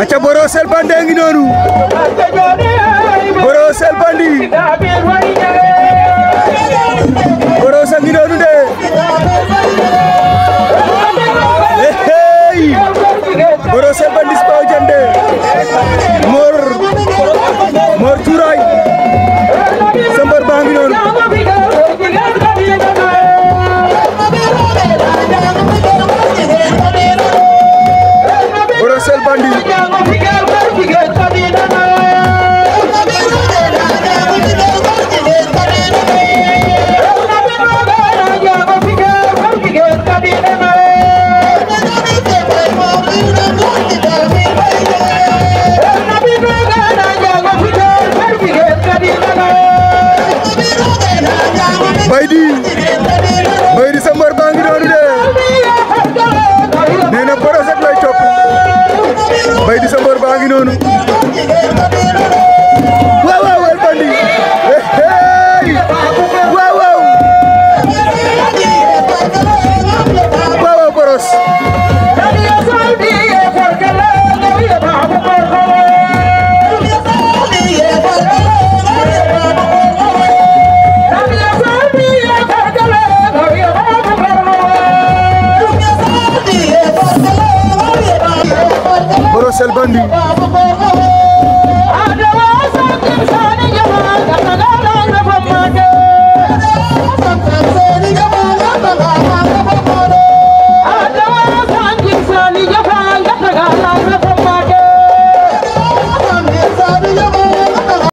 aca Boro Sel Bandit a ngi noonu Boro Sel Bandit Boro Sel ngi noonu de hey hey Boro Sel Bandit si baw jande Spidey! Marcel Bandit